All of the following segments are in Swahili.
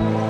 Thank you.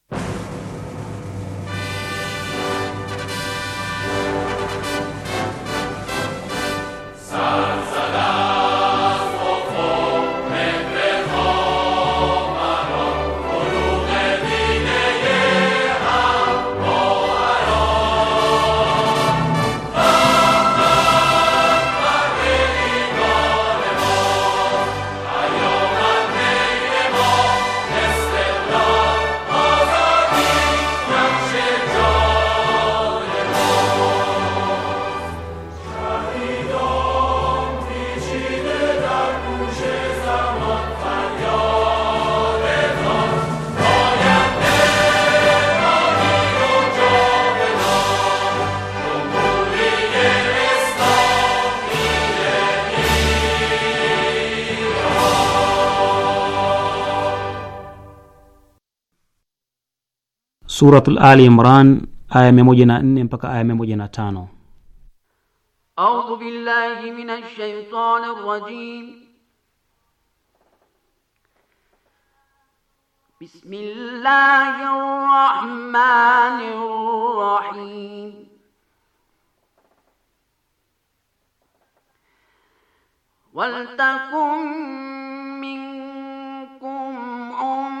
Suratul Ali Imran aya 104 mpaka aya 105. A'udhu billahi minash shaitanir rajim. Bismillahir rahmanir rahim. Wal takum minkum um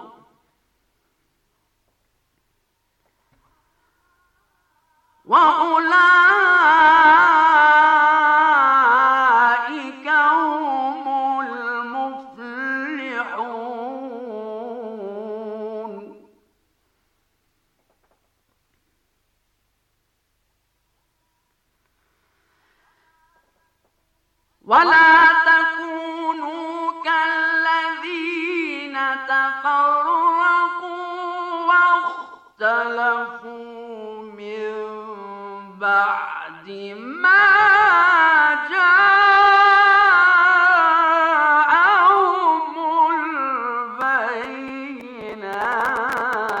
وأولئك هم المفلحون ولا تكونوا كالذين تفرقوا واختلفوا من بعد ما جاءهم البينات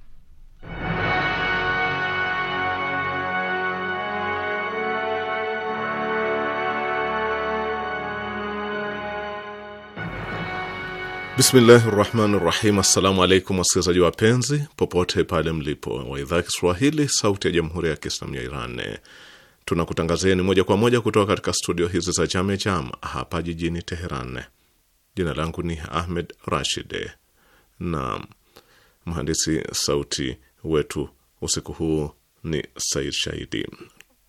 Bismillahi rahmani rahim. Assalamu alaikum wasikilizaji wapenzi, popote pale mlipo wa idhaa ya Kiswahili sauti ya jamhuri ya Kiislamu ya Iran, tunakutangazieni moja kwa moja kutoka katika studio hizi za Jame Jam hapa jijini Teheran. Jina langu ni Ahmed Rashid na mhandisi sauti wetu usiku huu ni Said Shahidi.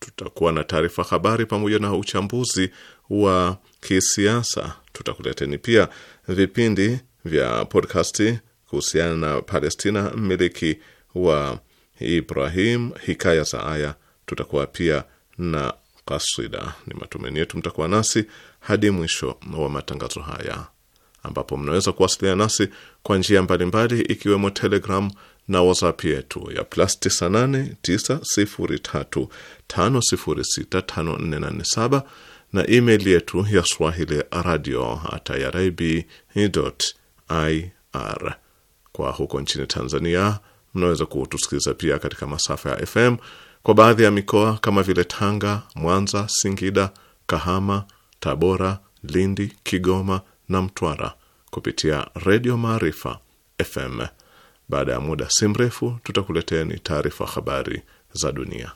Tutakuwa na taarifa habari pamoja na uchambuzi wa kisiasa Tutakuleteni pia vipindi vya podkasti kuhusiana na Palestina, mmiliki wa Ibrahim, hikaya za aya. Tutakuwa pia na kaswida Ni matumaini yetu mtakuwa nasi hadi mwisho wa matangazo haya, ambapo mnaweza kuwasiliana nasi kwa njia mbalimbali, ikiwemo Telegram na WhatsApp yetu ya plus 98 903 5065487 na email yetu ya swahili radio irib.ir. Kwa huko nchini Tanzania, mnaweza kutusikiliza pia katika masafa ya FM kwa baadhi ya mikoa kama vile Tanga, Mwanza, Singida, Kahama, Tabora, Lindi, Kigoma na Mtwara kupitia Redio Maarifa FM. Baada ya muda si mrefu, tutakuleteni taarifa habari za dunia.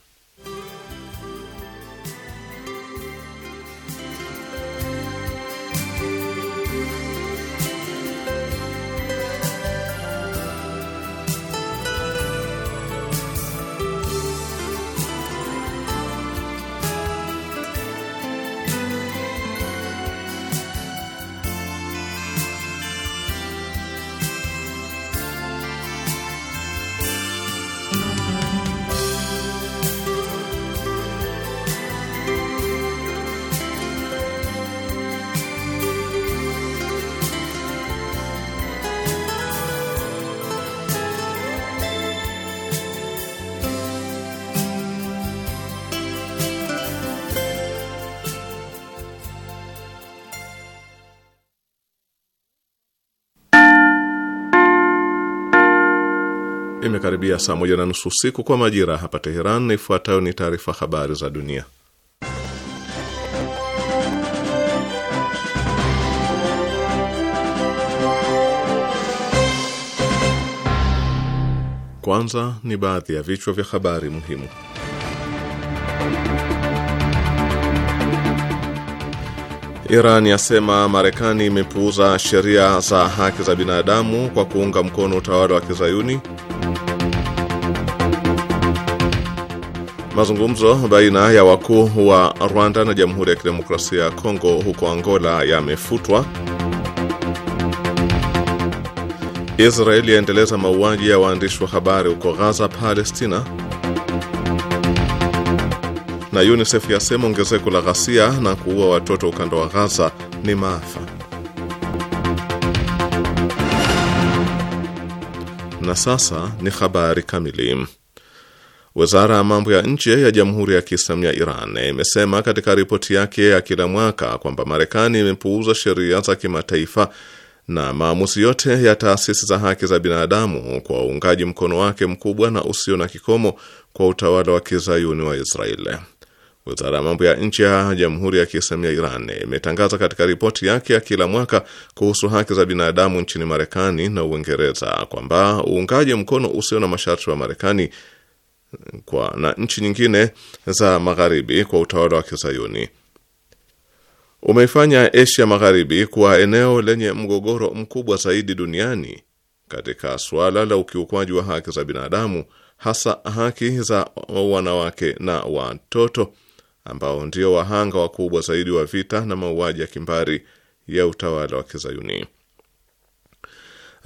imekaribia saa moja na nusu usiku kwa majira hapa Teheran, na ifuatayo ni taarifa habari za dunia. Kwanza ni baadhi ya vichwa vya habari muhimu. Iran yasema Marekani imepuuza sheria za haki za binadamu kwa kuunga mkono utawala wa Kizayuni. Mazungumzo baina ya wakuu wa Rwanda na Jamhuri ya Kidemokrasia ya Kongo huko Angola yamefutwa. Israeli yaendeleza mauaji ya waandishi wa habari huko Gaza, Palestina. Na UNICEF yasema ongezeko la ghasia na kuua watoto ukanda wa Gaza ni maafa. Na sasa ni habari kamili. Wizara ya mambo ya nje ya Jamhuri ya Kiislamu ya Iran imesema katika ripoti yake ya kila mwaka kwamba Marekani imepuuza sheria za kimataifa na maamuzi yote ya taasisi za haki za binadamu kwa uungaji mkono wake mkubwa na usio na kikomo kwa utawala wa kizayuni wa Israeli. Wizara ya mambo ya nje ya Jamhuri ya Kiislamu ya Iran imetangaza katika ripoti yake ya kila mwaka kuhusu haki za binadamu nchini Marekani na Uingereza kwamba uungaji mkono usio na masharti wa Marekani kwa na nchi nyingine za magharibi kwa utawala wa Kizayuni umeifanya Asia Magharibi kuwa eneo lenye mgogoro mkubwa zaidi duniani katika suala la ukiukwaji wa haki za binadamu, hasa haki za wanawake na watoto ambao ndio wahanga wakubwa zaidi wa vita na mauaji ya kimbari ya utawala wa Kizayuni.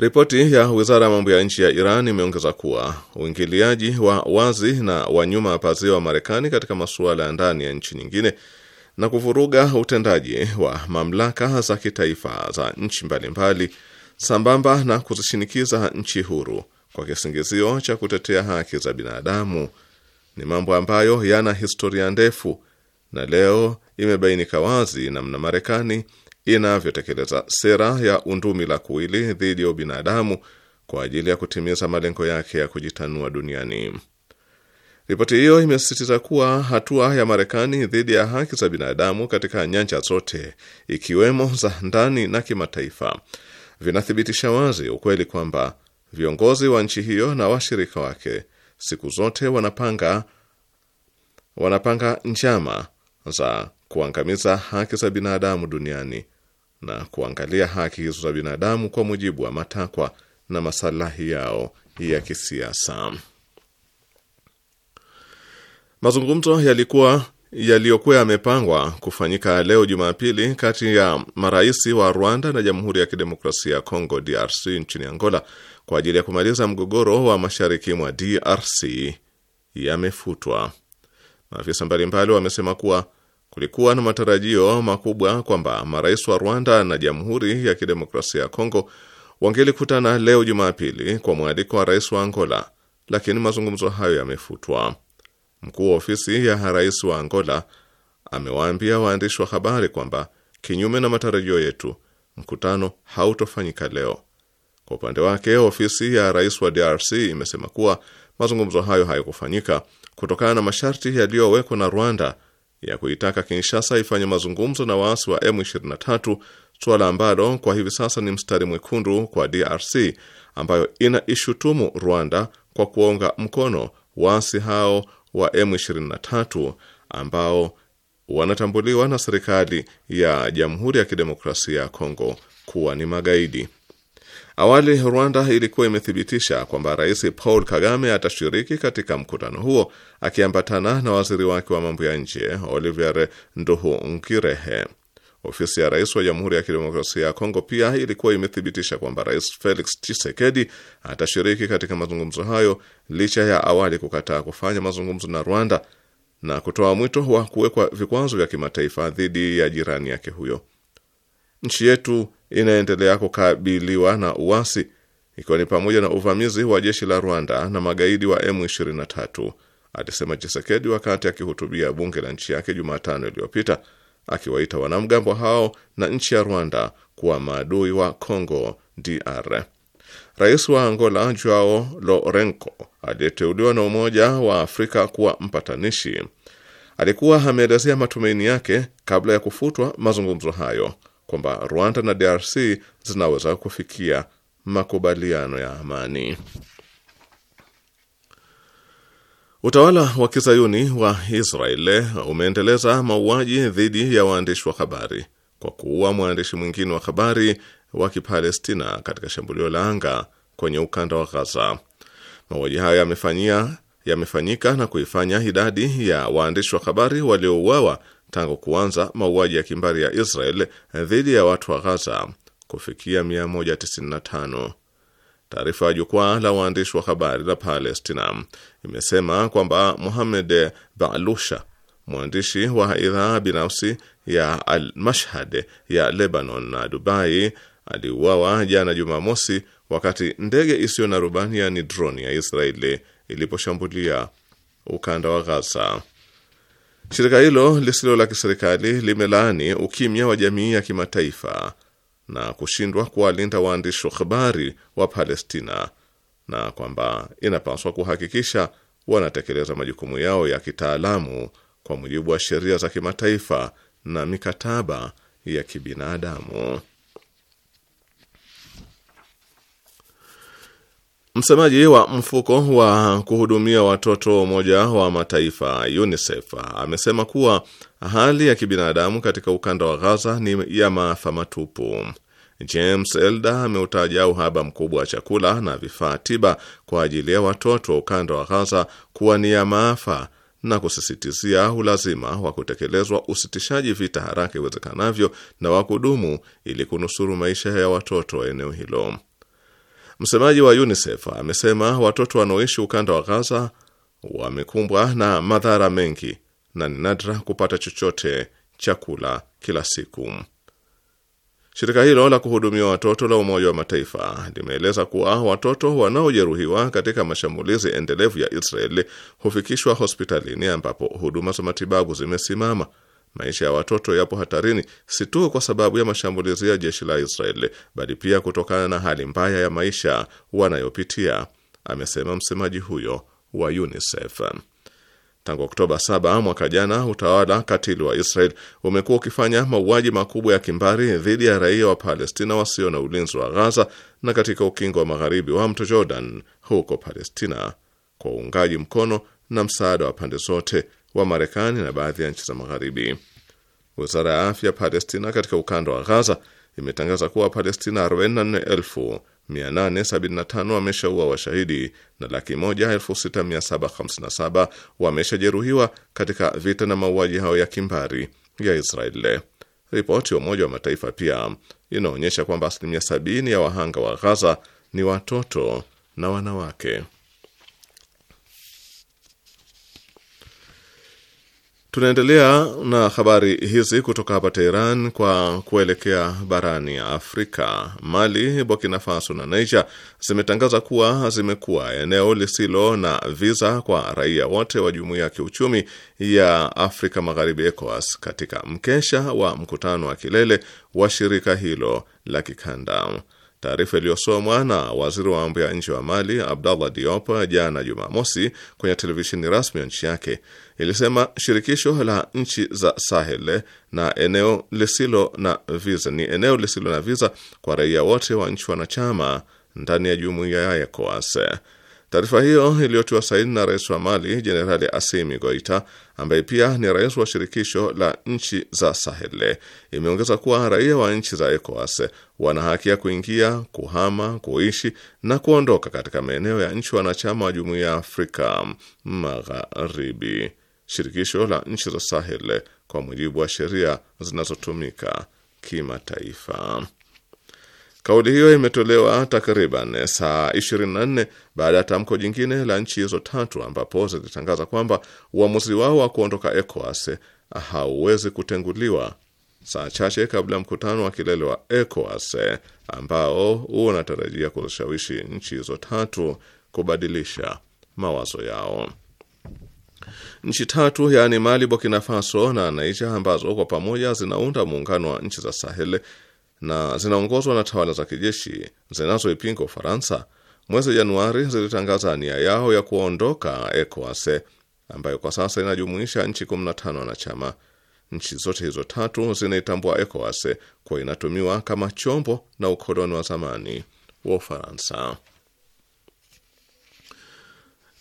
Ripoti ya wizara ya mambo ya nchi ya Iran imeongeza kuwa uingiliaji wa wazi na wanyuma pazia wa Marekani katika masuala ya ndani ya nchi nyingine na kuvuruga utendaji wa mamlaka za kitaifa za nchi mbalimbali, sambamba na kuzishinikiza nchi huru kwa kisingizio cha kutetea haki za binadamu ni mambo ambayo yana historia ndefu, na leo imebainika wazi namna Marekani inavyotekeleza sera ya undumi la kuili dhidi ya ubinadamu kwa ajili ya kutimiza malengo yake ya kujitanua duniani. Ripoti hiyo imesisitiza kuwa hatua ya Marekani dhidi ya haki za binadamu katika nyanja zote ikiwemo za ndani na kimataifa vinathibitisha wazi ukweli kwamba viongozi wa nchi hiyo na washirika wake siku zote wanapanga wanapanga njama za kuangamiza haki za binadamu duniani na kuangalia haki hizo za binadamu kwa mujibu wa matakwa na masalahi yao ya kisiasa. Mazungumzo yalikuwa yaliyokuwa yamepangwa kufanyika leo Jumapili kati ya marais wa Rwanda na Jamhuri ya Kidemokrasia ya Kongo DRC nchini Angola kwa ajili ya kumaliza mgogoro wa mashariki mwa DRC yamefutwa. Maafisa mbalimbali wamesema kuwa Kulikuwa na matarajio makubwa kwamba marais wa Rwanda na Jamhuri ya Kidemokrasia ya Kongo wangelikutana leo Jumapili kwa mwaliko wa rais wa Angola, lakini mazungumzo hayo yamefutwa. Mkuu wa ofisi ya rais wa Angola amewaambia waandishi wa habari kwamba kinyume na matarajio yetu, mkutano hautofanyika leo. Kwa upande wake, ofisi ya rais wa DRC imesema kuwa mazungumzo hayo hayakufanyika kutokana na masharti yaliyowekwa na Rwanda ya kuitaka Kinshasa ifanye mazungumzo na waasi wa M23, suala ambalo kwa hivi sasa ni mstari mwekundu kwa DRC ambayo inaishutumu Rwanda kwa kuonga mkono waasi hao wa M23 ambao wanatambuliwa na serikali ya Jamhuri ya Kidemokrasia ya Kongo kuwa ni magaidi. Awali Rwanda ilikuwa imethibitisha kwamba Rais Paul Kagame atashiriki katika mkutano huo akiambatana na waziri wake wa mambo ya nje Olivier Nduhungirehe. Ofisi ya rais wa Jamhuri ya Kidemokrasia ya Kongo pia ilikuwa imethibitisha kwamba Rais Felix Tshisekedi atashiriki katika mazungumzo hayo licha ya awali kukataa kufanya mazungumzo na Rwanda na kutoa mwito wa kuwekwa vikwazo vya kimataifa dhidi ya jirani yake huyo. Nchi yetu inaendelea kukabiliwa na uasi ikiwa ni pamoja na uvamizi wa jeshi la Rwanda na magaidi wa M23, alisema Chisekedi wakati akihutubia bunge la nchi yake Jumatano iliyopita, akiwaita wanamgambo hao na nchi ya Rwanda kuwa maadui wa Congo DR. Rais wa Angola Joao Lourenco aliyeteuliwa na Umoja wa Afrika kuwa mpatanishi alikuwa ameelezea matumaini yake kabla ya kufutwa mazungumzo hayo kwamba Rwanda na DRC zinaweza kufikia makubaliano ya amani. Utawala wa kizayuni wa Israeli umeendeleza mauaji dhidi ya waandishi wa habari kwa kuua mwandishi mwingine wa habari wa Kipalestina katika shambulio la anga kwenye ukanda wa Gaza. Mauaji hayo yamefanyika na kuifanya idadi ya waandishi wa habari waliouawa tangu kuanza mauaji ya kimbari ya Israel dhidi ya watu wa Ghaza kufikia 195. Taarifa ya jukwaa la waandishi wa habari la Palestina imesema kwamba Mohamed Balusha, mwandishi wa idhaa binafsi ya Al-Mashhad ya Lebanon na Dubai, aliuawa jana Jumamosi wakati ndege isiyo na rubani yaani droni ya Israeli iliposhambulia ukanda wa Gaza. Shirika hilo lisilo la kiserikali limelaani ukimya wa jamii ya kimataifa na kushindwa kuwalinda waandishi wa habari wa Palestina na kwamba inapaswa kuhakikisha wanatekeleza majukumu yao ya kitaalamu kwa mujibu wa sheria za kimataifa na mikataba ya kibinadamu. Msemaji wa mfuko wa kuhudumia watoto Umoja wa Mataifa UNICEF amesema kuwa hali ya kibinadamu katika ukanda wa Gaza ni ya maafa matupu. James Elder ameutaja uhaba mkubwa wa chakula na vifaa tiba kwa ajili ya watoto wa ukanda wa Gaza kuwa ni ya maafa na kusisitizia ulazima wa kutekelezwa usitishaji vita haraka iwezekanavyo na wa kudumu ili kunusuru maisha ya watoto wa eneo hilo. Msemaji wa UNICEF amesema watoto wanaoishi ukanda wa Gaza wamekumbwa na madhara mengi na ni nadra kupata chochote chakula kila siku. Shirika hilo la kuhudumia watoto la Umoja wa Mataifa limeeleza kuwa watoto wanaojeruhiwa katika mashambulizi endelevu ya Israeli hufikishwa hospitalini ambapo huduma za matibabu zimesimama. Maisha ya watoto yapo hatarini, si tu kwa sababu ya mashambulizi ya jeshi la Israeli, bali pia kutokana na hali mbaya ya maisha wanayopitia, amesema msemaji huyo wa UNICEF. Tangu Oktoba 7 mwaka jana, utawala katili wa Israel umekuwa ukifanya mauaji makubwa ya kimbari dhidi ya raia wa Palestina wasio na ulinzi wa ghaza na katika ukingo wa magharibi wa mto Jordan huko Palestina, kwa uungaji mkono na msaada wa pande zote wa Marekani na baadhi ya nchi za Magharibi. Wizara ya afya Palestina katika ukanda wa Ghaza imetangaza kuwa Palestina 44,875 wameshaua washahidi na laki 16757 wameshajeruhiwa katika vita na mauaji hayo ya kimbari ya Israeli. Ripoti ya Umoja wa Mataifa pia inaonyesha kwamba asilimia 70 ya wahanga wa Ghaza ni watoto na wanawake. Tunaendelea na habari hizi kutoka hapa Teheran kwa kuelekea barani ya Afrika. Mali, Burkina Faso na Niger zimetangaza kuwa zimekuwa eneo lisilo na viza kwa raia wote wa Jumuiya ya Kiuchumi ya Afrika Magharibi, ECOWAS, katika mkesha wa mkutano wa kilele wa shirika hilo la kikanda. Taarifa iliyosomwa na waziri wa mambo ya nje wa Mali, Abdallah Diop, jana Jumamosi kwenye televisheni rasmi ya nchi yake ilisema shirikisho la nchi za Sahel na eneo lisilo na viza ni eneo lisilo na viza kwa raia wote wa nchi wanachama ndani ya jumuiya ya ECOWAS. Taarifa hiyo iliyotiwa saini na rais wa Mali Jenerali Asimi Goita, ambaye pia ni rais wa shirikisho la nchi za Sahel, imeongeza kuwa raia wa nchi za ECOWAS wana haki ya kuingia, kuhama, kuishi na kuondoka katika maeneo ya nchi wanachama wa jumuiya ya Afrika Magharibi shirikisho la nchi za Sahel kwa mujibu wa sheria zinazotumika kimataifa. Kauli hiyo imetolewa takriban saa 24 baada ya tamko jingine la nchi hizo tatu ambapo zilitangaza kwamba uamuzi wao wa kuondoka ECOWAS hauwezi kutenguliwa, saa chache kabla ya mkutano wa kilele wa ECOWAS ambao unatarajia kuzishawishi nchi hizo tatu kubadilisha mawazo yao nchi tatu yaani Mali, Burkina Faso na Naija ambazo kwa pamoja zinaunda muungano wa nchi za Sahel na zinaongozwa na tawala za kijeshi zinazoipinga Ufaransa, mwezi Januari zilitangaza nia yao ya kuondoka ECOWAS ambayo kwa sasa inajumuisha nchi 15 wanachama. Nchi zote hizo tatu zinaitambua ECOWAS kwa inatumiwa kama chombo na ukoloni wa zamani wa Ufaransa.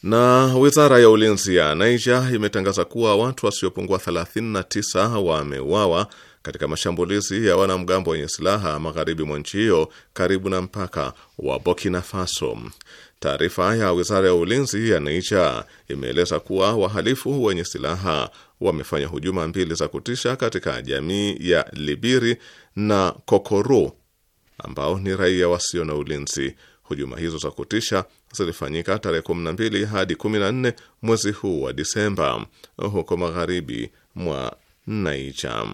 Na wizara ya ulinzi ya Niger imetangaza kuwa watu wasiopungua 39 wameuawa katika mashambulizi ya wanamgambo wenye silaha magharibi mwa nchi hiyo karibu na mpaka wa Burkina Faso. Taarifa ya wizara ya ulinzi ya Niger imeeleza kuwa wahalifu wenye silaha wamefanya hujuma mbili za kutisha katika jamii ya Libiri na Kokoru ambao ni raia wasio na ulinzi Hujuma hizo za kutisha zilifanyika tarehe 12 hadi 14 mwezi huu wa Disemba huko magharibi mwa Niger.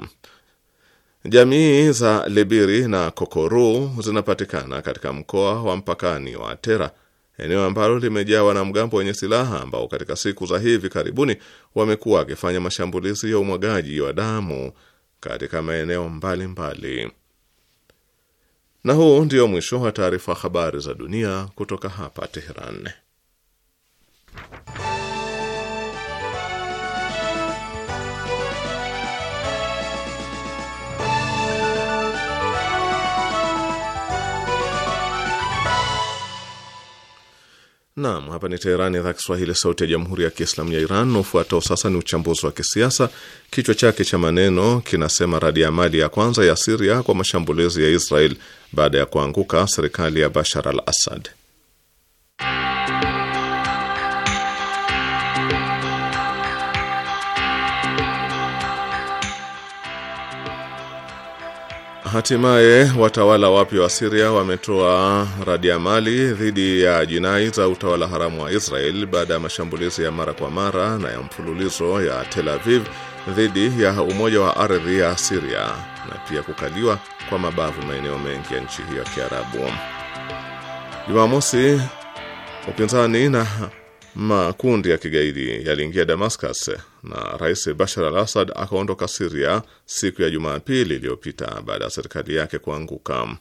Jamii za Libiri na Kokoru zinapatikana katika mkoa wa mpakani wa Tera, eneo ambalo limejaa wanamgambo wenye silaha ambao katika siku za hivi karibuni wamekuwa wakifanya mashambulizi ya umwagaji wa damu katika maeneo mbalimbali mbali. Na huu ndio mwisho wa taarifa habari za dunia kutoka hapa Teheran. Naam, hapa ni Teherani, idhaa Kiswahili, sauti ya jamhuri ya kiislamu ya Iran. ufuatao sasa ni uchambuzi wa kisiasa, kichwa chake cha maneno kinasema radi ya mali ya kwanza ya Siria kwa mashambulizi ya Israel baada ya kuanguka serikali ya Bashar al Assad. Hatimaye watawala wapya wa Siria wametoa radiamali dhidi ya jinai za utawala haramu wa Israel baada ya mashambulizi ya mara kwa mara na ya mfululizo ya Tel Aviv dhidi ya umoja wa ardhi ya Siria na pia kukaliwa kwa mabavu maeneo mengi ya nchi hiyo ya Kiarabu. Jumamosi, upinzani na Makundi ya kigaidi yaliingia Damascus na Rais Bashar al Assad akaondoka Siria siku ya Jumapili iliyopita baada ya serikali yake kuanguka.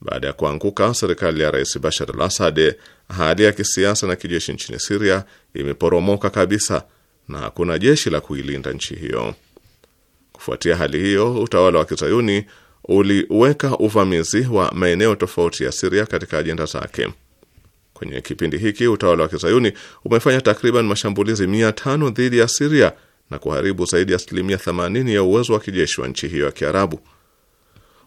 Baada ya kuanguka serikali ya Rais Bashar al Assad, hali ya kisiasa na kijeshi nchini Siria imeporomoka kabisa na hakuna jeshi la kuilinda nchi hiyo. Kufuatia hali hiyo, utawala wa kizayuni uliweka uvamizi wa maeneo tofauti ya Siria katika ajenda zake. Kwenye kipindi hiki utawala wa kizayuni umefanya takriban mashambulizi mia tano dhidi ya Siria na kuharibu zaidi ya asilimia 80 ya uwezo wa kijeshi wa nchi hiyo ya Kiarabu.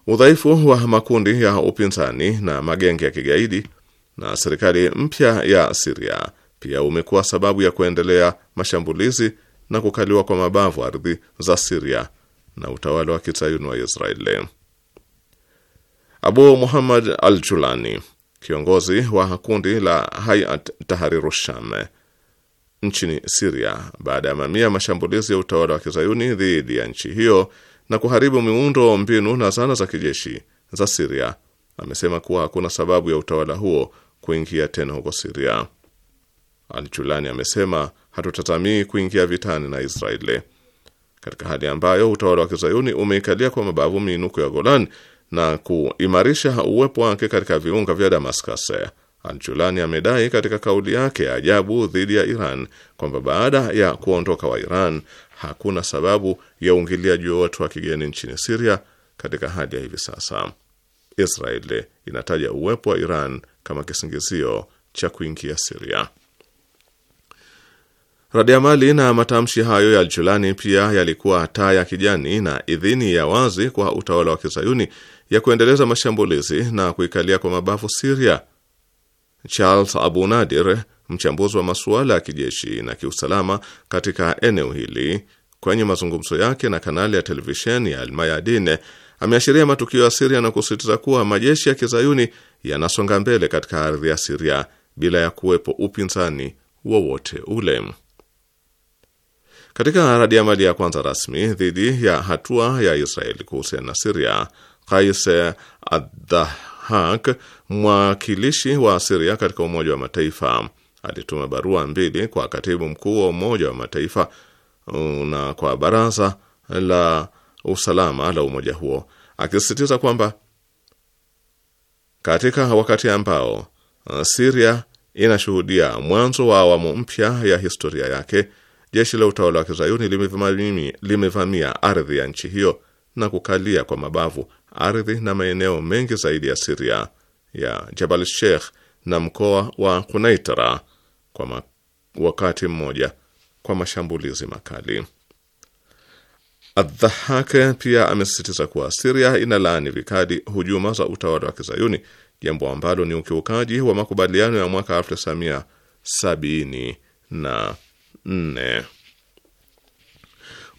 Udhaifu wa makundi ya upinzani na magenge ya kigaidi na serikali mpya ya Siria pia umekuwa sababu ya kuendelea mashambulizi na kukaliwa kwa mabavu ardhi za Siria na utawala wa kizayuni wa Israeli. Abu Muhammad al-Julani kiongozi wa kundi la Hayat Tahriru Sham nchini Siria baada ya mamia mashambulizi ya utawala wa kizayuni dhidi ya nchi hiyo na kuharibu miundo mbinu na zana za kijeshi za Siria, amesema kuwa hakuna sababu ya utawala huo kuingia tena huko Siria. Aljulani amesema hatutatamii kuingia vitani na Israeli katika hali ambayo utawala wa kizayuni umeikalia kwa mabavu miinuko ya Golan na kuimarisha uwepo wake katika viunga vya Damascus. Anjulani amedai katika kauli yake ya ajabu dhidi ya Iran kwamba baada ya kuondoka wa Iran hakuna sababu ya uingiliaji wowote wa kigeni nchini Siria katika hali ya hivi sasa. Israeli inataja uwepo wa Iran kama kisingizio cha kuingia Siria. Radiamali na matamshi hayo ya Julani pia yalikuwa taa ya kijani na idhini ya wazi kwa utawala wa kizayuni ya kuendeleza mashambulizi na kuikalia kwa mabavu Siria. Charles Abu Nadir, mchambuzi wa masuala ya kijeshi na kiusalama katika eneo hili, kwenye mazungumzo yake na kanali ya televisheni ya Almayadin ameashiria matukio ya Siria na kusisitiza kuwa majeshi ya kizayuni yanasonga mbele katika ardhi ya Siria bila ya kuwepo upinzani wowote ule. Katika radiamali ya kwanza rasmi dhidi ya hatua ya Israeli kuhusiana na Siria, Kais Adhahak, mwakilishi wa Siria katika Umoja wa Mataifa, alituma barua mbili kwa katibu mkuu wa Umoja wa Mataifa uh, na kwa Baraza la Usalama la umoja huo akisisitiza kwamba katika wakati ambao uh, Siria inashuhudia mwanzo wa awamu mpya ya historia yake, jeshi la utawala wa kizayuni limevamia ardhi ya nchi hiyo na kukalia kwa mabavu ardhi na maeneo mengi zaidi ya Siria ya Jabal Sheikh na mkoa wa Kunaitara kwa wakati mmoja kwa mashambulizi makali. Adhahak pia amesisitiza kuwa Siria inalaani vikali hujuma za utawala wa Kizayuni, jambo ambalo ni ukiukaji wa makubaliano ya mwaka 1974.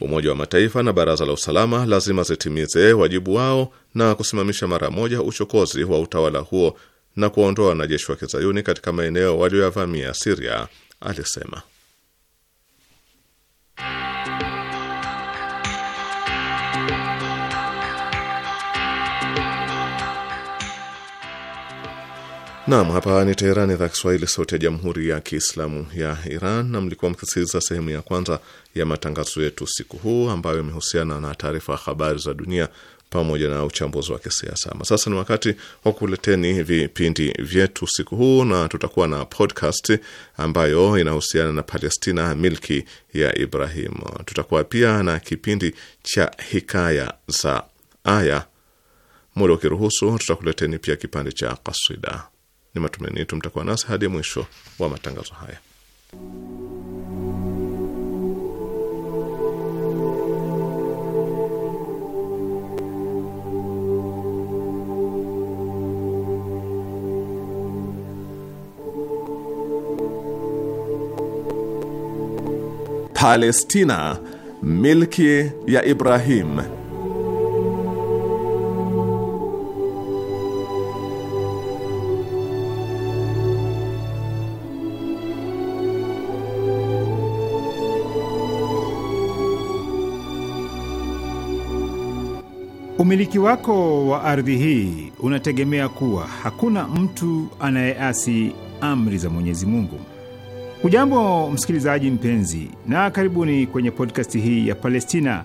Umoja wa Mataifa na Baraza la Usalama lazima zitimize wajibu wao na kusimamisha mara moja uchokozi wa utawala huo na kuwaondoa wanajeshi wa kizayuni katika maeneo walioyavamia Siria, alisema. Nam, hapa ni Teherani, idhaa Kiswahili, sauti ya jamhuri ya kiislamu ya Iran, na mlikuwa mkisikiliza sehemu ya kwanza ya matangazo yetu siku huu ambayo imehusiana na taarifa ya habari za dunia pamoja na uchambuzi wa kisiasa. Sasa ni wakati wa kuleteni vipindi vyetu siku huu, na tutakuwa na podcast ambayo inahusiana na Palestina, milki ya Ibrahim. Tutakuwa pia na kipindi cha hikaya za aya. Muda ukiruhusu, tutakuleteni pia kipande cha kasida. Ni matumaini yetu mtakuwa nasi hadi mwisho wa matangazo haya. Palestina milki ya Ibrahim. Umiliki wako wa ardhi hii unategemea kuwa hakuna mtu anayeasi amri za Mwenyezi Mungu. Hujambo msikilizaji mpenzi, na karibuni kwenye podkasti hii ya Palestina,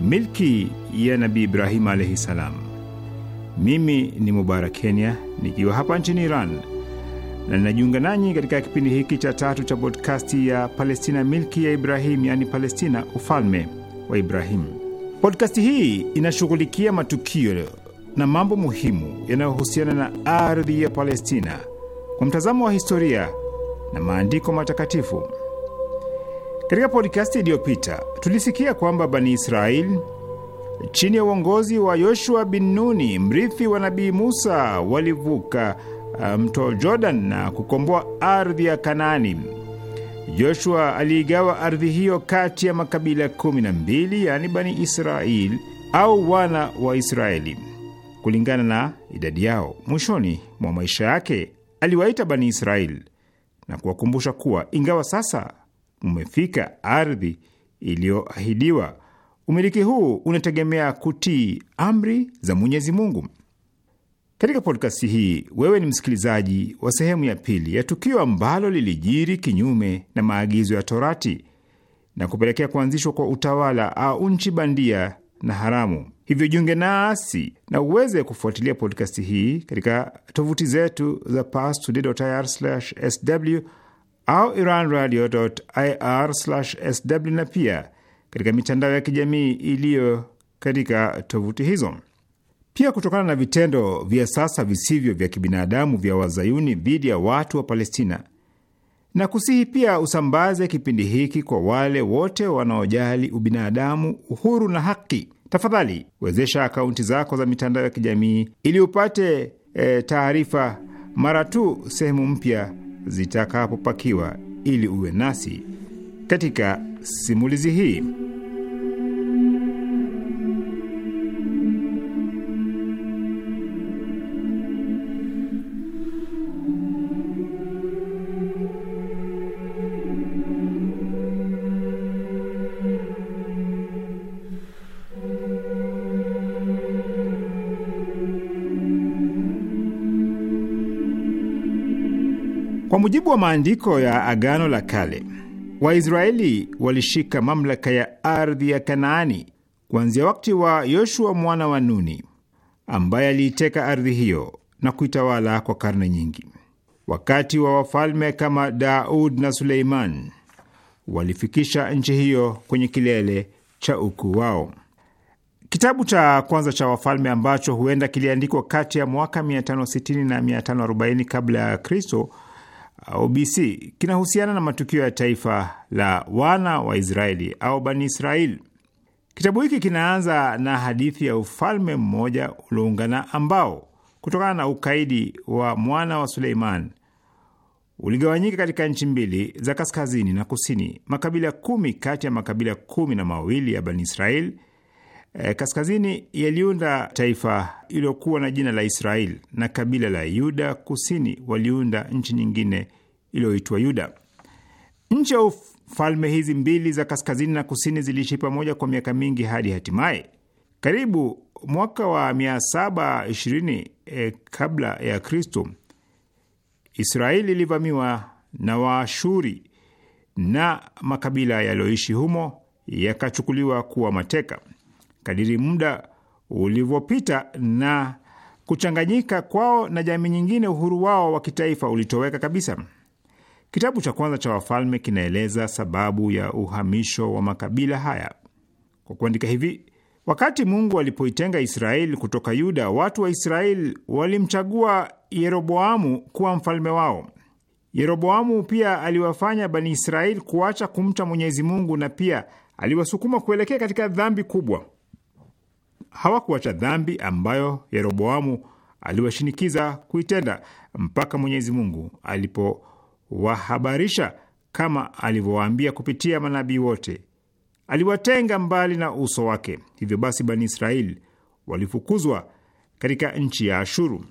milki ya Nabii Ibrahimu alaihi salam. Mimi ni Mubarak Kenya nikiwa hapa nchini Iran na ninajiunga nanyi katika kipindi hiki cha tatu cha podkasti ya Palestina, milki ya Ibrahim, yaani Palestina, ufalme wa Ibrahimu. Podkasti hii inashughulikia matukio na mambo muhimu yanayohusiana na ardhi ya Palestina kwa mtazamo wa historia na maandiko matakatifu. Katika podkasti iliyopita tulisikia kwamba Bani israel chini ya uongozi wa Yoshua bin Nuni, mrithi wa Nabii Musa, walivuka uh, mto Jordan na kukomboa ardhi ya Kanaani. Yoshua aliigawa ardhi hiyo kati ya makabila kumi na mbili, yaani Bani israel au wana wa Israeli kulingana na idadi yao. Mwishoni mwa maisha yake aliwaita Bani Israeli na kuwakumbusha kuwa ingawa sasa umefika ardhi iliyoahidiwa, umiliki huu unategemea kutii amri za Mwenyezi Mungu. Katika podkasti hii, wewe ni msikilizaji wa sehemu ya pili ya tukio ambalo lilijiri kinyume na maagizo ya Torati na kupelekea kuanzishwa kwa utawala au nchi bandia na haramu. Hivyo jiunge nasi na uweze kufuatilia podkasti hii katika tovuti zetu za parstoday.ir/sw au iranradio.ir/sw na pia katika mitandao ya kijamii iliyo katika tovuti hizo. Pia kutokana na vitendo vya sasa visivyo vya kibinadamu vya wazayuni dhidi ya watu wa Palestina, na kusihi pia usambaze kipindi hiki kwa wale wote wanaojali ubinadamu, uhuru na haki Tafadhali wezesha akaunti zako za mitandao ya kijamii ili upate e, taarifa mara tu sehemu mpya zitakapopakiwa, ili uwe nasi katika simulizi hii. mujibu wa maandiko ya Agano la Kale, Waisraeli walishika mamlaka ya ardhi ya Kanaani kuanzia wakati wa Yoshua mwana wa Nuni, ambaye aliiteka ardhi hiyo na kuitawala kwa karne nyingi. Wakati wa wafalme kama Daud na Suleiman walifikisha nchi hiyo kwenye kilele cha ukuu wao. Kitabu cha kwanza cha Wafalme ambacho huenda kiliandikwa kati ya mwaka 560 na 540 kabla ya Kristo OBC kinahusiana na matukio ya taifa la wana wa Israeli au Bani Israel. Kitabu hiki kinaanza na hadithi ya ufalme mmoja ulioungana ambao kutokana na ukaidi wa mwana wa Suleiman uligawanyika katika nchi mbili za kaskazini na kusini. Makabila kumi kati ya makabila kumi na mawili ya Bani Israeli e, kaskazini yaliunda taifa iliyokuwa na jina la Israel na kabila la Yuda kusini waliunda nchi nyingine iliyoitwa Yuda. Nchi ya falme hizi mbili za kaskazini na kusini ziliishi pamoja kwa miaka mingi hadi hatimaye karibu mwaka wa 720 e, eh, kabla ya Kristo, Israeli ilivamiwa na Waashuri na makabila yaliyoishi humo yakachukuliwa kuwa mateka kadiri muda ulivyopita na kuchanganyika kwao na jamii nyingine, uhuru wao wa kitaifa ulitoweka kabisa. Kitabu cha kwanza cha Wafalme kinaeleza sababu ya uhamisho wa makabila haya kwa kuandika hivi: wakati Mungu alipoitenga Israeli kutoka Yuda, watu wa Israeli walimchagua Yeroboamu kuwa mfalme wao. Yeroboamu pia aliwafanya Bani Israeli kuacha kumcha Mwenyezi Mungu na pia aliwasukuma kuelekea katika dhambi kubwa hawakuacha dhambi ambayo Yeroboamu aliwashinikiza kuitenda mpaka Mwenyezi Mungu alipowahabarisha kama alivyowaambia kupitia manabii wote. Aliwatenga mbali na uso wake. Hivyo basi, Bani Israeli walifukuzwa katika nchi ya Ashuru.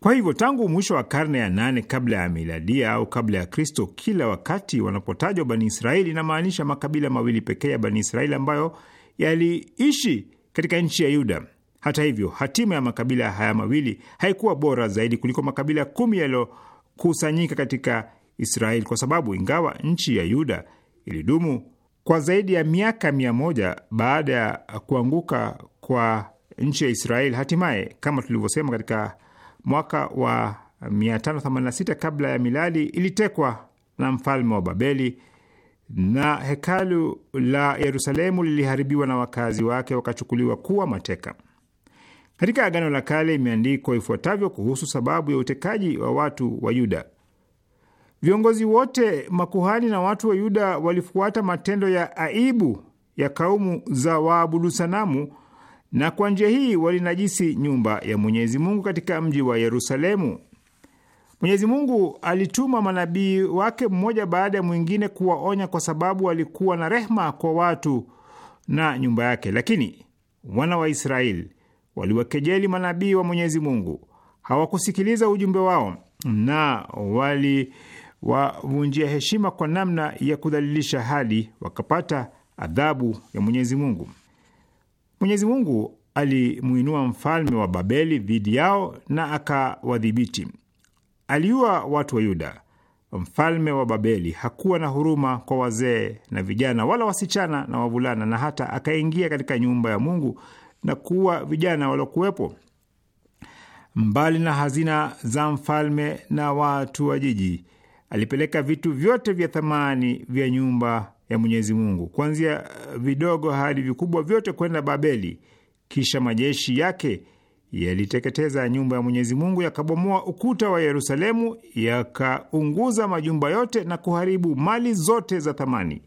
Kwa hivyo tangu mwisho wa karne ya nane kabla ya miladia au kabla ya Kristo, kila wakati wanapotajwa Bani Israeli inamaanisha makabila mawili pekee ya Bani Israeli ambayo yaliishi katika nchi ya Yuda. Hata hivyo, hatima ya makabila haya mawili haikuwa bora zaidi kuliko makabila kumi yaliyokusanyika katika Israeli, kwa sababu ingawa nchi ya Yuda ilidumu kwa zaidi ya miaka mia moja baada ya kuanguka kwa nchi ya Israeli, hatimaye kama tulivyosema katika mwaka wa 586 kabla ya milali ilitekwa na mfalme wa Babeli na hekalu la Yerusalemu liliharibiwa na wakazi wake wakachukuliwa kuwa mateka. Katika Agano la Kale imeandikwa ifuatavyo kuhusu sababu ya utekaji wa watu wa Yuda: viongozi wote makuhani na watu wa Yuda walifuata matendo ya aibu ya kaumu za waabudu sanamu, na kwa njia hii walinajisi nyumba ya Mwenyezi Mungu katika mji wa Yerusalemu. Mwenyezi Mungu alituma manabii wake mmoja baada ya mwingine kuwaonya, kwa sababu alikuwa na rehma kwa watu na nyumba yake. Lakini wana wa Israeli waliwakejeli manabii wa Mwenyezi Mungu, hawakusikiliza ujumbe wao na waliwavunjia heshima kwa namna ya kudhalilisha, hadi wakapata adhabu ya Mwenyezi Mungu. Mwenyezi Mungu alimuinua mfalme wa Babeli dhidi yao na akawadhibiti aliua watu wa Yuda. Mfalme wa Babeli hakuwa na huruma kwa wazee na vijana, wala wasichana na wavulana, na hata akaingia katika nyumba ya Mungu na kuua vijana waliokuwepo. Mbali na hazina za mfalme na watu wa jiji, alipeleka vitu vyote vya thamani vya nyumba ya Mwenyezi Mungu, kuanzia eh, vidogo hadi vikubwa, vyote kwenda Babeli. Kisha majeshi yake yaliteketeza nyumba ya Mwenyezi Mungu, yakabomoa ukuta wa Yerusalemu, yakaunguza majumba yote na kuharibu mali zote za thamani.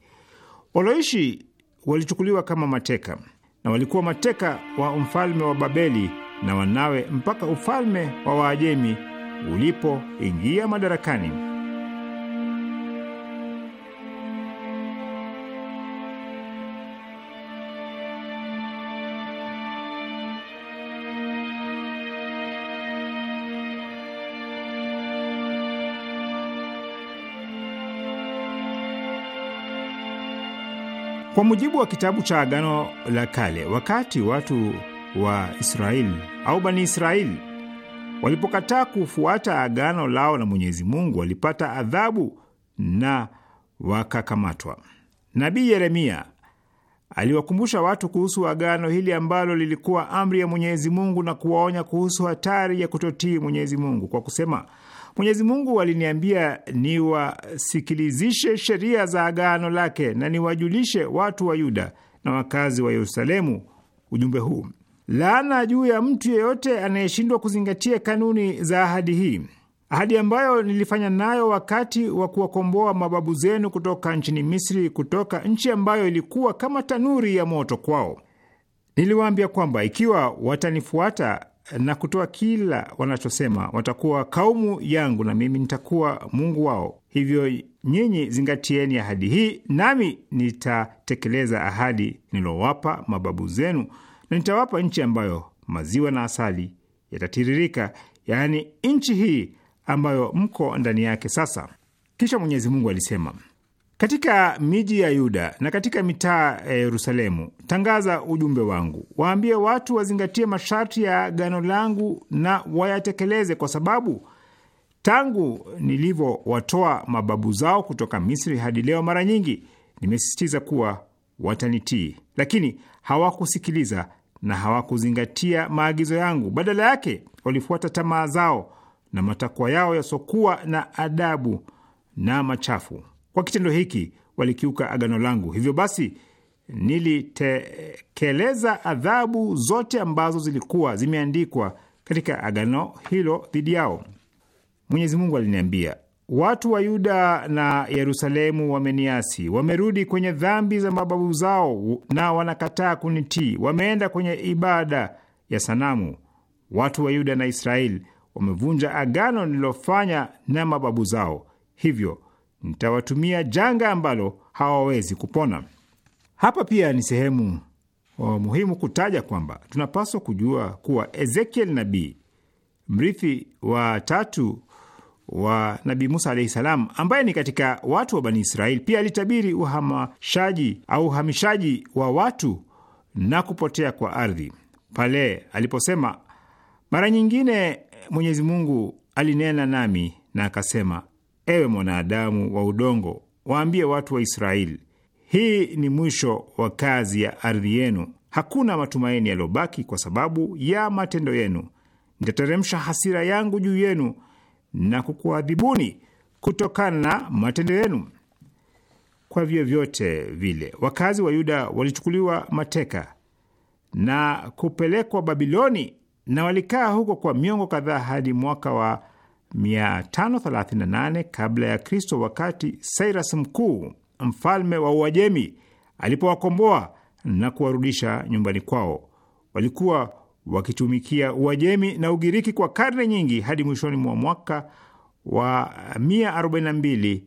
Walioishi walichukuliwa kama mateka na walikuwa mateka wa mfalme wa Babeli na wanawe mpaka ufalme wa Waajemi ulipoingia madarakani. Kwa mujibu wa kitabu cha Agano la Kale, wakati watu wa Israeli au Bani Israeli walipokataa kufuata agano lao na Mwenyezi Mungu, walipata adhabu na wakakamatwa. Nabii Yeremia aliwakumbusha watu kuhusu agano hili ambalo lilikuwa amri ya Mwenyezi Mungu na kuwaonya kuhusu hatari ya kutotii Mwenyezi Mungu kwa kusema: Mwenyezi Mungu aliniambia niwasikilizishe sheria za agano lake na niwajulishe watu wa Yuda na wakazi wa Yerusalemu ujumbe huu. Laana juu ya mtu yeyote anayeshindwa kuzingatia kanuni za ahadi hii, ahadi ambayo nilifanya nayo wakati wa kuwakomboa mababu zenu kutoka nchini Misri, kutoka nchi ambayo ilikuwa kama tanuri ya moto kwao. Niliwaambia kwamba ikiwa watanifuata na kutoa kila wanachosema, watakuwa kaumu yangu na mimi nitakuwa Mungu wao. Hivyo nyinyi zingatieni ahadi hii, nami nitatekeleza ahadi nilowapa mababu zenu, na nitawapa nchi ambayo maziwa na asali yatatiririka, yaani nchi hii ambayo mko ndani yake sasa. Kisha Mwenyezi Mungu alisema katika miji ya Yuda na katika mitaa ya Yerusalemu, tangaza ujumbe wangu. Waambie watu wazingatie masharti ya agano langu na wayatekeleze, kwa sababu tangu nilivyowatoa mababu zao kutoka Misri hadi leo, mara nyingi nimesisitiza kuwa watanitii, lakini hawakusikiliza na hawakuzingatia maagizo yangu. Badala yake walifuata tamaa zao na matakwa yao yasokuwa na adabu na machafu. Kwa kitendo hiki walikiuka agano langu, hivyo basi nilitekeleza adhabu zote ambazo zilikuwa zimeandikwa katika agano hilo dhidi yao. Mwenyezi Mungu aliniambia, watu wa Yuda na Yerusalemu wameniasi, wamerudi kwenye dhambi za mababu zao na wanakataa kunitii, wameenda kwenye ibada ya sanamu. Watu wa Yuda na Israeli wamevunja agano nililofanya na mababu zao, hivyo nitawatumia janga ambalo hawawezi kupona. Hapa pia ni sehemu muhimu kutaja kwamba tunapaswa kujua kuwa Ezekiel nabii mrithi wa tatu wa Nabii Musa alahi salam, ambaye ni katika watu wa Bani Israeli, pia alitabiri uhamashaji au uhamishaji wa watu na kupotea kwa ardhi pale aliposema, mara nyingine Mwenyezi Mungu alinena nami na akasema, ewe mwanadamu wa udongo, waambie watu wa Israeli, hii ni mwisho wa kazi ya ardhi yenu. Hakuna matumaini yaliyobaki kwa sababu ya matendo yenu. Nitateremsha hasira yangu juu yenu na kukuadhibuni kutokana na matendo yenu. Kwa vyovyote vile, wakazi wa Yuda walichukuliwa mateka na kupelekwa Babiloni na walikaa huko kwa miongo kadhaa hadi mwaka wa 538 kabla ya Kristo, wakati Cyrus mkuu mfalme wa Uajemi alipowakomboa na kuwarudisha nyumbani kwao. Walikuwa wakitumikia Uajemi na Ugiriki kwa karne nyingi hadi mwishoni mwa mwaka wa 142 e,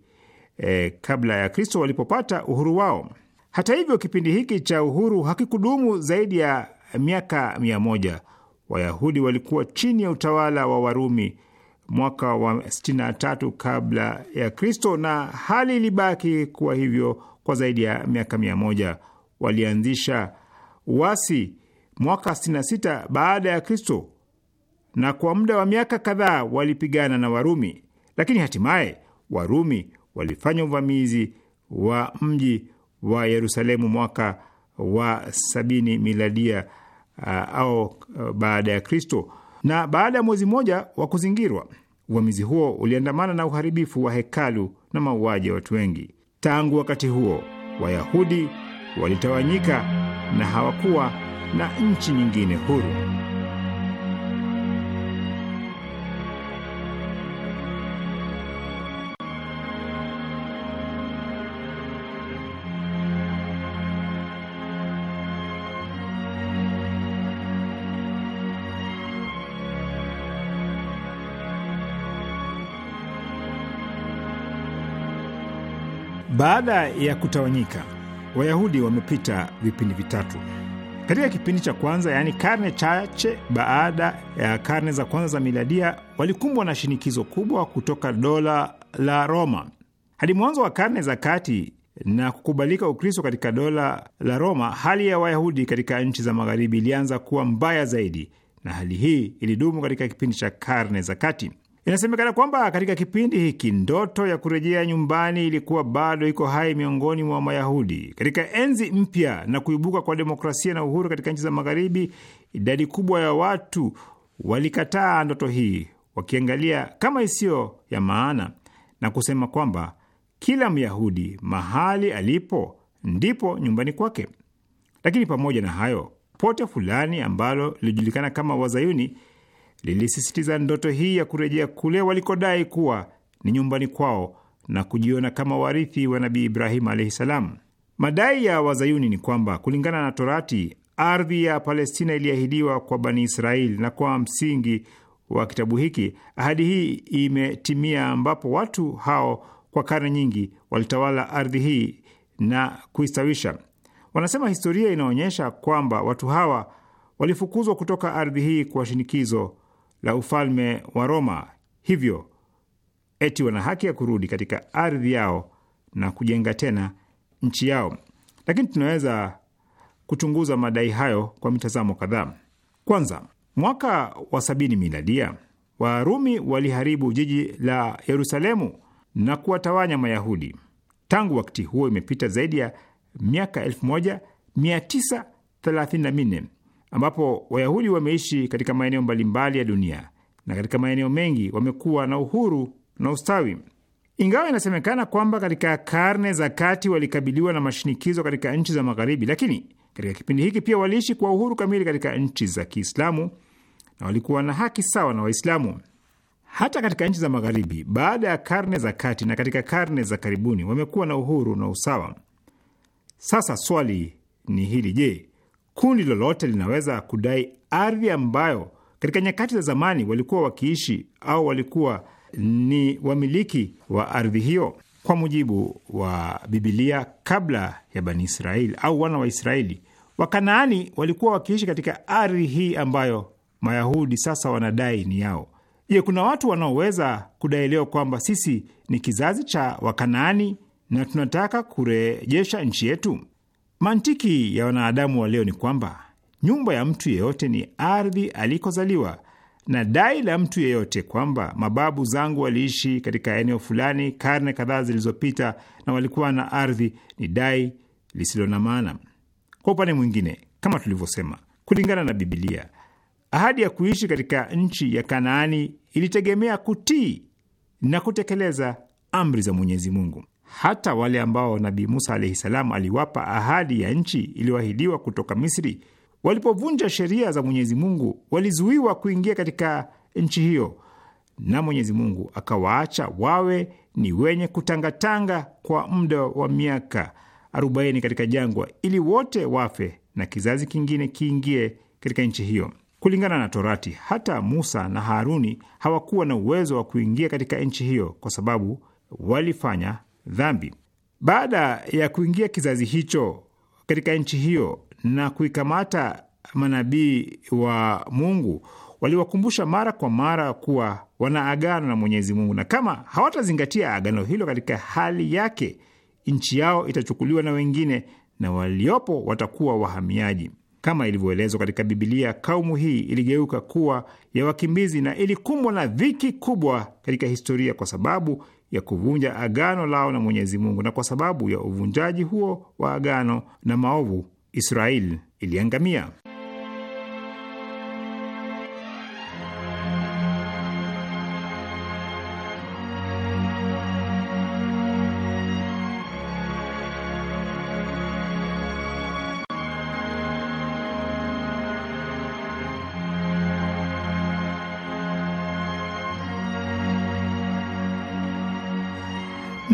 eh, kabla ya Kristo walipopata uhuru wao. Hata hivyo, kipindi hiki cha uhuru hakikudumu zaidi ya miaka mia moja. Wayahudi walikuwa chini ya utawala wa Warumi mwaka wa 63 kabla ya Kristo, na hali ilibaki kuwa hivyo kwa zaidi ya miaka mia moja. Walianzisha uasi mwaka 66 baada ya Kristo, na kwa muda wa miaka kadhaa walipigana na Warumi, lakini hatimaye Warumi walifanya uvamizi wa mji wa Yerusalemu mwaka wa sabini miladia, uh, au uh, baada ya Kristo na baada ya mwezi mmoja wa kuzingirwa, uvamizi huo uliandamana na uharibifu wa hekalu na mauaji ya watu wengi. Tangu wakati huo Wayahudi walitawanyika na hawakuwa na nchi nyingine huru. Baada ya kutawanyika, Wayahudi wamepita vipindi vitatu. Katika kipindi cha kwanza, yaani karne chache baada ya karne za kwanza za miladia, walikumbwa na shinikizo kubwa kutoka dola la Roma. Hadi mwanzo wa karne za kati na kukubalika Ukristo katika dola la Roma, hali ya Wayahudi katika nchi za magharibi ilianza kuwa mbaya zaidi, na hali hii ilidumu katika kipindi cha karne za kati. Inasemekana kwamba katika kipindi hiki ndoto ya kurejea nyumbani ilikuwa bado iko hai miongoni mwa Mayahudi. Katika enzi mpya na kuibuka kwa demokrasia na uhuru katika nchi za Magharibi, idadi kubwa ya watu walikataa ndoto hii, wakiangalia kama isiyo ya maana na kusema kwamba kila Myahudi mahali alipo ndipo nyumbani kwake. Lakini pamoja na hayo, pote fulani ambalo lilijulikana kama Wazayuni lilisisitiza ndoto hii ya kurejea kule walikodai kuwa ni nyumbani kwao na kujiona kama warithi wa Nabii Ibrahim alaihi salam. Madai ya wazayuni ni kwamba kulingana na Torati, ardhi ya Palestina iliahidiwa kwa Bani Israeli, na kwa msingi wa kitabu hiki ahadi hii imetimia, ambapo watu hao kwa karne nyingi walitawala ardhi hii na kuistawisha. Wanasema historia inaonyesha kwamba watu hawa walifukuzwa kutoka ardhi hii kwa shinikizo la ufalme wa Roma. Hivyo eti wana haki ya kurudi katika ardhi yao na kujenga tena nchi yao. Lakini tunaweza kuchunguza madai hayo kwa mitazamo kadhaa. Kwanza, mwaka wa sabini miladia Warumi waliharibu jiji la Yerusalemu na kuwatawanya Mayahudi. Tangu wakati huo imepita zaidi ya miaka 1934 ambapo Wayahudi wameishi katika maeneo mbalimbali ya dunia na katika maeneo mengi wamekuwa na uhuru na ustawi. Ingawa inasemekana kwamba katika karne za kati walikabiliwa na mashinikizo katika nchi za Magharibi, lakini katika kipindi hiki pia waliishi kwa uhuru kamili katika nchi za Kiislamu na walikuwa na haki sawa na Waislamu. Hata katika nchi za Magharibi baada ya karne za kati na katika karne za karibuni wamekuwa na uhuru na usawa. Sasa swali ni hili: je, kundi lolote linaweza kudai ardhi ambayo katika nyakati za zamani walikuwa wakiishi au walikuwa ni wamiliki wa ardhi hiyo kwa mujibu wa Bibilia, kabla ya Bani Israeli au wana wa Israeli, Wakanaani walikuwa wakiishi katika ardhi hii ambayo Mayahudi sasa wanadai ni yao. Je, kuna watu wanaoweza kudai leo kwamba sisi ni kizazi cha Wakanaani na tunataka kurejesha nchi yetu? Mantiki ya wanadamu wa leo ni kwamba nyumba ya mtu yeyote ni ardhi alikozaliwa, na dai la mtu yeyote kwamba mababu zangu waliishi katika eneo fulani karne kadhaa zilizopita na walikuwa na ardhi ni dai lisilo na maana. Kwa upande mwingine, kama tulivyosema, kulingana na Bibilia, ahadi ya kuishi katika nchi ya Kanaani ilitegemea kutii na kutekeleza amri za Mwenyezi Mungu hata wale ambao Nabii Musa alaihi salam aliwapa ahadi ya nchi iliyoahidiwa kutoka Misri, walipovunja sheria za Mwenyezi Mungu walizuiwa kuingia katika nchi hiyo, na Mwenyezi Mungu akawaacha wawe ni wenye kutangatanga kwa muda wa miaka arobaini katika jangwa, ili wote wafe na kizazi kingine kiingie katika nchi hiyo. Kulingana na Torati, hata Musa na Haruni hawakuwa na uwezo wa kuingia katika nchi hiyo kwa sababu walifanya dhambi. Baada ya kuingia kizazi hicho katika nchi hiyo na kuikamata manabii wa Mungu waliwakumbusha mara kwa mara kuwa wana agano na Mwenyezi Mungu, na kama hawatazingatia agano hilo katika hali yake, nchi yao itachukuliwa na wengine na waliopo watakuwa wahamiaji. Kama ilivyoelezwa katika Bibilia, kaumu hii iligeuka kuwa ya wakimbizi na ilikumbwa na dhiki kubwa katika historia kwa sababu ya kuvunja agano lao na Mwenyezi Mungu, na kwa sababu ya uvunjaji huo wa agano na maovu, Israel iliangamia.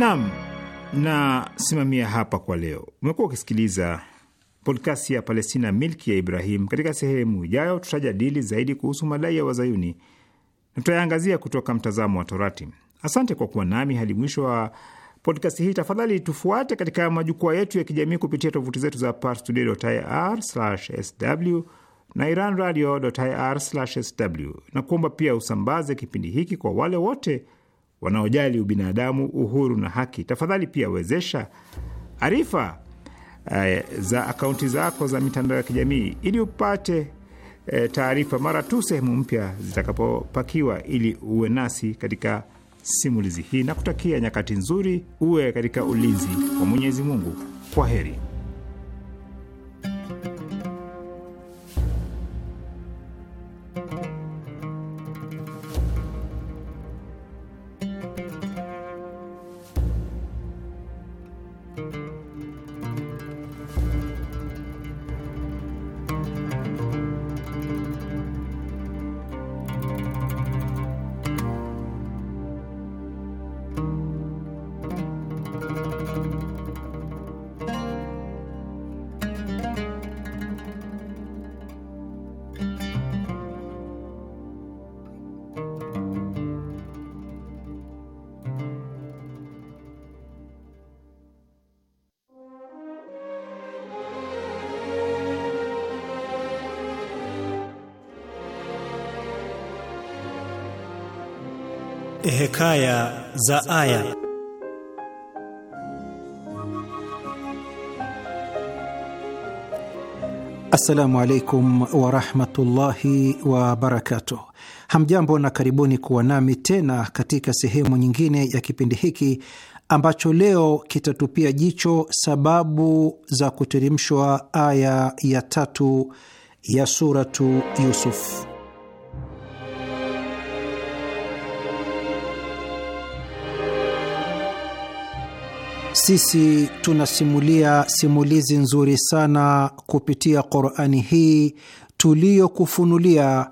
Naam, nasimamia hapa kwa leo. Umekuwa ukisikiliza podkasti ya Palestina, milki ya Ibrahim. Katika sehemu ijayo, tutajadili zaidi kuhusu madai ya Wazayuni na tutayaangazia kutoka mtazamo wa Torati. Asante kwa kuwa nami hadi mwisho wa podkasti hii. Tafadhali tufuate katika majukwaa yetu ya kijamii kupitia tovuti zetu za parstoday.ir/sw na iranradio.ir/sw, na kuomba pia usambaze kipindi hiki kwa wale wote wanaojali ubinadamu, uhuru na haki. Tafadhali pia wezesha arifa uh, za akaunti zako za mitandao ya kijamii ili upate uh, taarifa mara tu sehemu mpya zitakapopakiwa, ili uwe nasi katika simulizi hii na kutakia nyakati nzuri. Uwe katika ulinzi wa Mwenyezi Mungu. Kwa heri. Hekaya za Aya. Assalamu alaikum warahmatullahi wabarakatuh. Hamjambo na karibuni kuwa nami tena katika sehemu nyingine ya kipindi hiki ambacho leo kitatupia jicho sababu za kuteremshwa aya ya tatu ya Suratu Yusuf. Sisi tunasimulia simulizi nzuri sana kupitia Qurani hii tuliyokufunulia,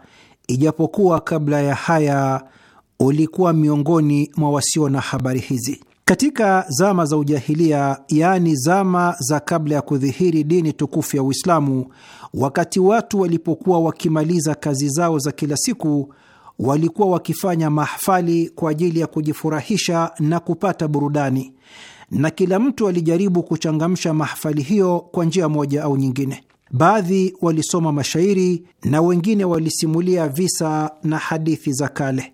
ijapokuwa kabla ya haya ulikuwa miongoni mwa wasio na habari hizi. Katika zama za ujahilia, yaani zama za kabla ya kudhihiri dini tukufu ya Uislamu, wakati watu walipokuwa wakimaliza kazi zao za kila siku, walikuwa wakifanya mahfali kwa ajili ya kujifurahisha na kupata burudani na kila mtu alijaribu kuchangamsha mahafali hiyo kwa njia moja au nyingine. Baadhi walisoma mashairi na wengine walisimulia visa na hadithi za kale.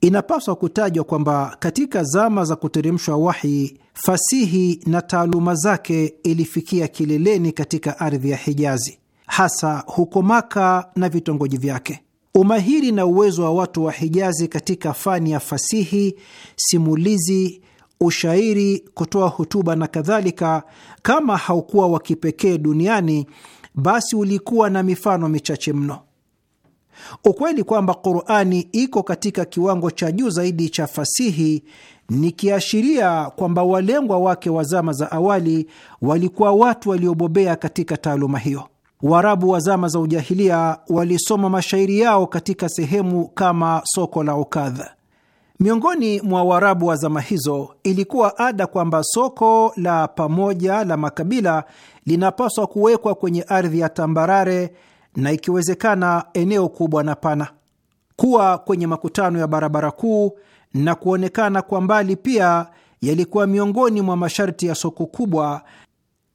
Inapaswa kutajwa kwamba katika zama za kuteremshwa wahi, fasihi na taaluma zake ilifikia kileleni katika ardhi ya Hijazi, hasa huko Maka na vitongoji vyake. Umahiri na uwezo wa watu wa Hijazi katika fani ya fasihi, simulizi ushairi, kutoa hotuba na kadhalika, kama haukuwa wa kipekee duniani, basi ulikuwa na mifano michache mno. Ukweli kwamba Qurani iko katika kiwango cha juu zaidi cha fasihi ni kiashiria kwamba walengwa wake wa zama za awali walikuwa watu waliobobea katika taaluma hiyo. Waarabu wa zama za ujahilia walisoma mashairi yao katika sehemu kama soko la Ukadha. Miongoni mwa Waarabu wa zama hizo ilikuwa ada kwamba soko la pamoja la makabila linapaswa kuwekwa kwenye ardhi ya tambarare na ikiwezekana eneo kubwa na pana, kuwa kwenye makutano ya barabara kuu na kuonekana kwa mbali pia yalikuwa miongoni mwa masharti ya soko kubwa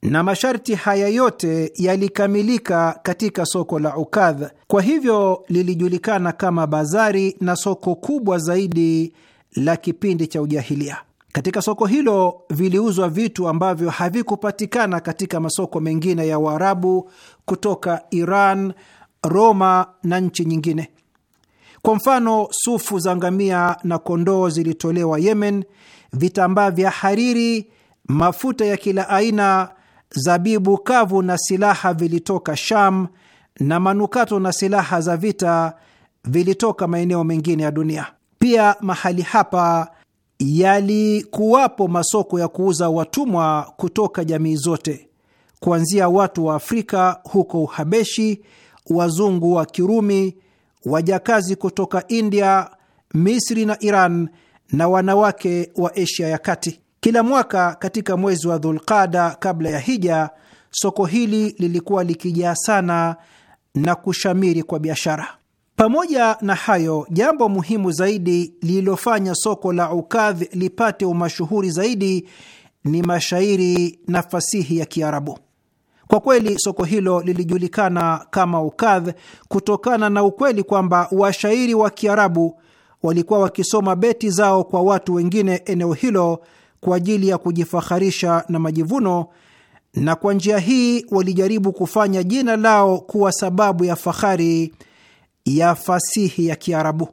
na masharti haya yote yalikamilika katika soko la Ukadh. Kwa hivyo lilijulikana kama bazari na soko kubwa zaidi la kipindi cha ujahilia. Katika soko hilo viliuzwa vitu ambavyo havikupatikana katika masoko mengine ya Waarabu kutoka Iran, Roma na nchi nyingine. Kwa mfano, sufu za ngamia na kondoo zilitolewa Yemen, vitambaa vya hariri, mafuta ya kila aina zabibu kavu na silaha vilitoka Sham na manukato na silaha za vita vilitoka maeneo mengine ya dunia. Pia mahali hapa yalikuwapo masoko ya kuuza watumwa kutoka jamii zote, kuanzia watu wa Afrika huko Uhabeshi, wazungu wa Kirumi, wajakazi kutoka India, Misri na Iran na wanawake wa Asia ya Kati. Kila mwaka katika mwezi wa Dhulqada kabla ya hija, soko hili lilikuwa likijaa sana na kushamiri kwa biashara. Pamoja na hayo, jambo muhimu zaidi lililofanya soko la Ukadh lipate umashuhuri zaidi ni mashairi na fasihi ya Kiarabu. Kwa kweli soko hilo lilijulikana kama Ukadh kutokana na ukweli kwamba washairi wa Kiarabu walikuwa wakisoma beti zao kwa watu wengine eneo hilo kwa ajili ya kujifaharisha na majivuno, na kwa njia hii walijaribu kufanya jina lao kuwa sababu ya fahari ya fasihi ya Kiarabu.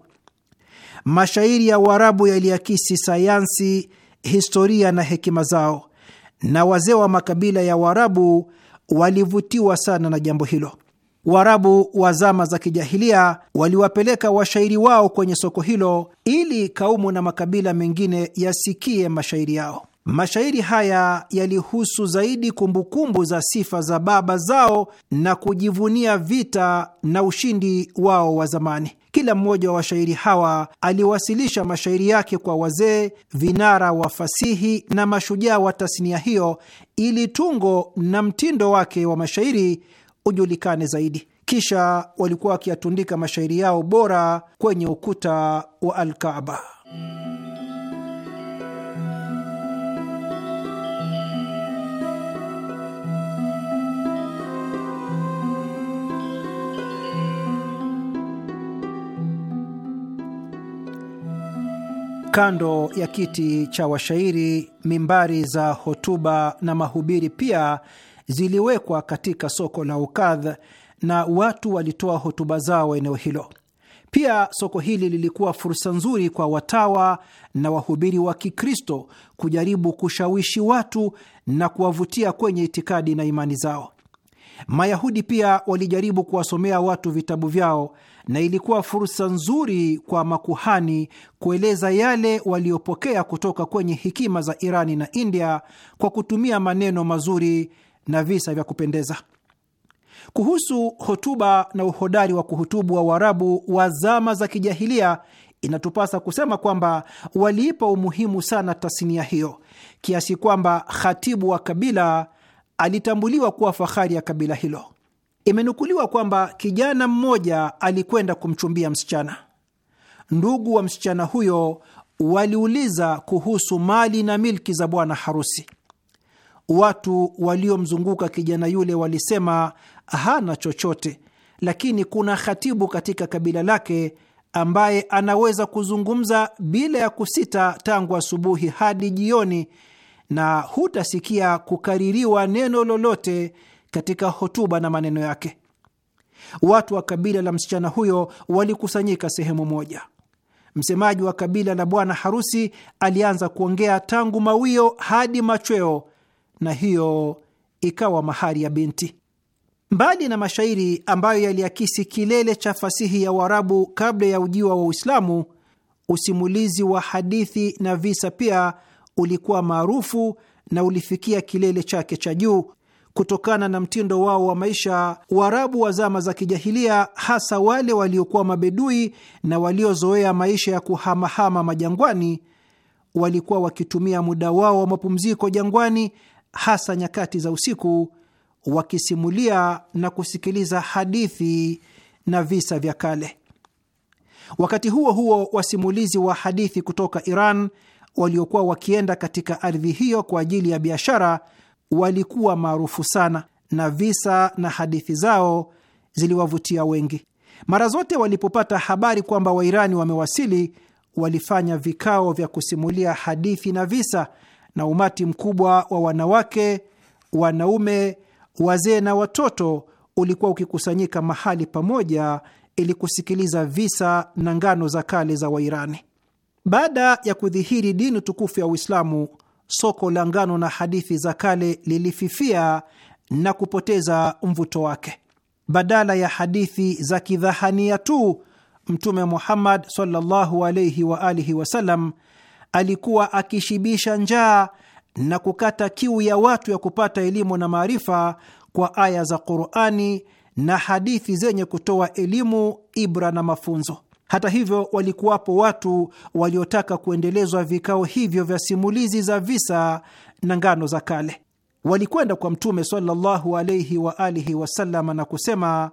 Mashairi ya Uarabu yaliakisi sayansi, historia na hekima zao, na wazee wa makabila ya Uarabu walivutiwa sana na jambo hilo. Waarabu wa zama za kijahilia waliwapeleka washairi wao kwenye soko hilo ili kaumu na makabila mengine yasikie mashairi yao. Mashairi haya yalihusu zaidi kumbukumbu za sifa za baba zao na kujivunia vita na ushindi wao wa zamani. Kila mmoja wa washairi hawa aliwasilisha mashairi yake kwa wazee, vinara wa fasihi na mashujaa wa tasnia hiyo, ili tungo na mtindo wake wa mashairi ujulikane zaidi. Kisha walikuwa wakiyatundika mashairi yao bora kwenye ukuta wa Alkaaba. Kando ya kiti cha washairi, mimbari za hotuba na mahubiri pia ziliwekwa katika soko la Ukadh na watu walitoa hotuba zao eneo hilo. Pia soko hili lilikuwa fursa nzuri kwa watawa na wahubiri wa Kikristo kujaribu kushawishi watu na kuwavutia kwenye itikadi na imani zao. Mayahudi pia walijaribu kuwasomea watu vitabu vyao na ilikuwa fursa nzuri kwa makuhani kueleza yale waliopokea kutoka kwenye hekima za Irani na India kwa kutumia maneno mazuri na visa vya kupendeza. Kuhusu hotuba na uhodari wa kuhutubu wa Waarabu wa zama za kijahilia, inatupasa kusema kwamba waliipa umuhimu sana tasnia hiyo kiasi kwamba khatibu wa kabila alitambuliwa kuwa fahari ya kabila hilo. Imenukuliwa kwamba kijana mmoja alikwenda kumchumbia msichana. Ndugu wa msichana huyo waliuliza kuhusu mali na milki za bwana harusi. Watu waliomzunguka kijana yule walisema hana chochote, lakini kuna khatibu katika kabila lake ambaye anaweza kuzungumza bila ya kusita tangu asubuhi hadi jioni, na hutasikia kukaririwa neno lolote katika hotuba na maneno yake. Watu wa kabila la msichana huyo walikusanyika sehemu moja. Msemaji wa kabila la bwana harusi alianza kuongea tangu mawio hadi machweo na hiyo ikawa mahari ya binti. Mbali na mashairi ambayo yaliakisi kilele cha fasihi ya Uarabu kabla ya ujiwa wa Uislamu, usimulizi wa hadithi na visa pia ulikuwa maarufu na ulifikia kilele chake cha juu kutokana na mtindo wao wa maisha. Waarabu wa zama za kijahilia, hasa wale waliokuwa mabedui na waliozoea maisha ya kuhamahama majangwani, walikuwa wakitumia muda wao wa mapumziko jangwani hasa nyakati za usiku, wakisimulia na kusikiliza hadithi na visa vya kale. Wakati huo huo, wasimulizi wa hadithi kutoka Iran waliokuwa wakienda katika ardhi hiyo kwa ajili ya biashara walikuwa maarufu sana, na visa na hadithi zao ziliwavutia wengi. Mara zote walipopata habari kwamba Wairani wamewasili, walifanya vikao vya kusimulia hadithi na visa na umati mkubwa wa wanawake, wanaume, wazee na watoto ulikuwa ukikusanyika mahali pamoja ili kusikiliza visa na ngano za kale za Wairani. Baada ya kudhihiri dini tukufu ya Uislamu, soko la ngano na hadithi za kale lilififia na kupoteza mvuto wake. Badala ya hadithi za kidhahania tu, Mtume Muhammad sallallahu alayhi wa alihi wasallam alikuwa akishibisha njaa na kukata kiu ya watu ya kupata elimu na maarifa kwa aya za Qurani na hadithi zenye kutoa elimu, ibra na mafunzo. Hata hivyo, walikuwapo watu waliotaka kuendelezwa vikao hivyo vya simulizi za visa na ngano za kale. Walikwenda kwa Mtume sallallahu alaihi wa alihi wasallam na kusema,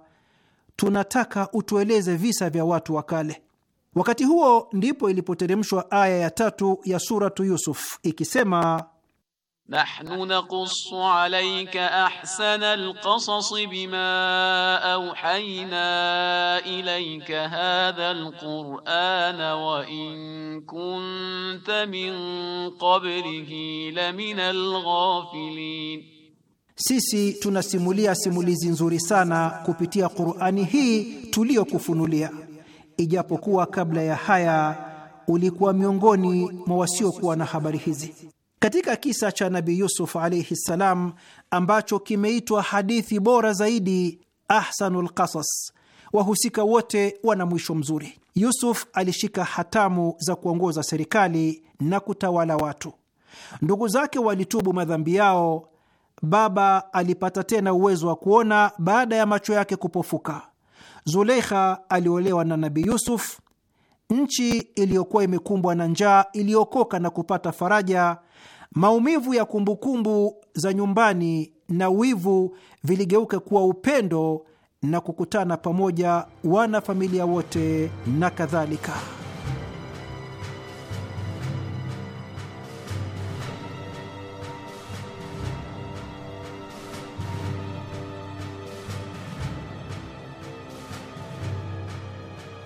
tunataka utueleze visa vya watu wa kale. Wakati huo ndipo ilipoteremshwa aya ya tatu ya suratu Yusuf ikisema Nahnu naqussu alayka ahsana alqasasi bima awhayna ilayka hadha alqur'ana wa in kunta min qablihi lamina alghafilin, sisi tunasimulia simulizi nzuri sana kupitia Qur'ani hii tuliyokufunulia ijapokuwa kabla ya haya ulikuwa miongoni mwa wasiokuwa na habari hizi. Katika kisa cha Nabi Yusuf alaihi ssalam, ambacho kimeitwa hadithi bora zaidi, ahsanul qasas, wahusika wote wana mwisho mzuri. Yusuf alishika hatamu za kuongoza serikali na kutawala watu. Ndugu zake walitubu madhambi yao. Baba alipata tena uwezo wa kuona baada ya macho yake kupofuka. Zuleikha aliolewa na Nabii Yusuf. Nchi iliyokuwa imekumbwa na njaa iliokoka na kupata faraja. Maumivu ya kumbukumbu za nyumbani na wivu viligeuka kuwa upendo na kukutana pamoja wana familia wote na kadhalika.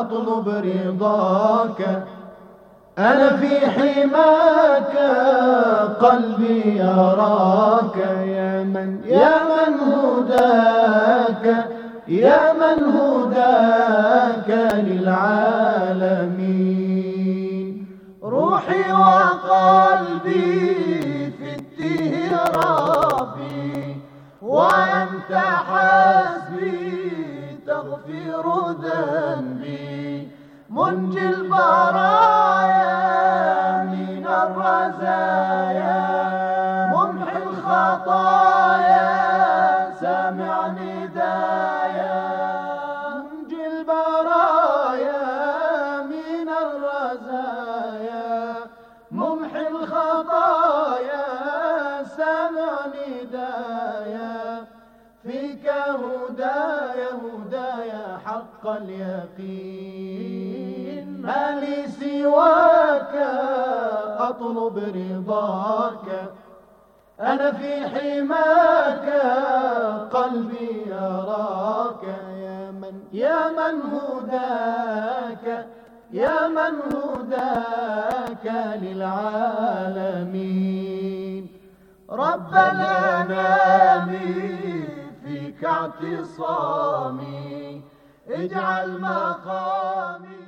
أطلب رضاك أنا في حماك قلبي أراك يا من يا من هداك يا من هداك للعالمين روحي وقلبي في التهرابي وأنت حسبي تغفر ذنبي منجي البرايا سواك أطلب رضاك أنا في حماك قلبي يراك يا من يا من هداك يا من هداك للعالمين رب الأنام فيك اعتصامي اجعل مقامي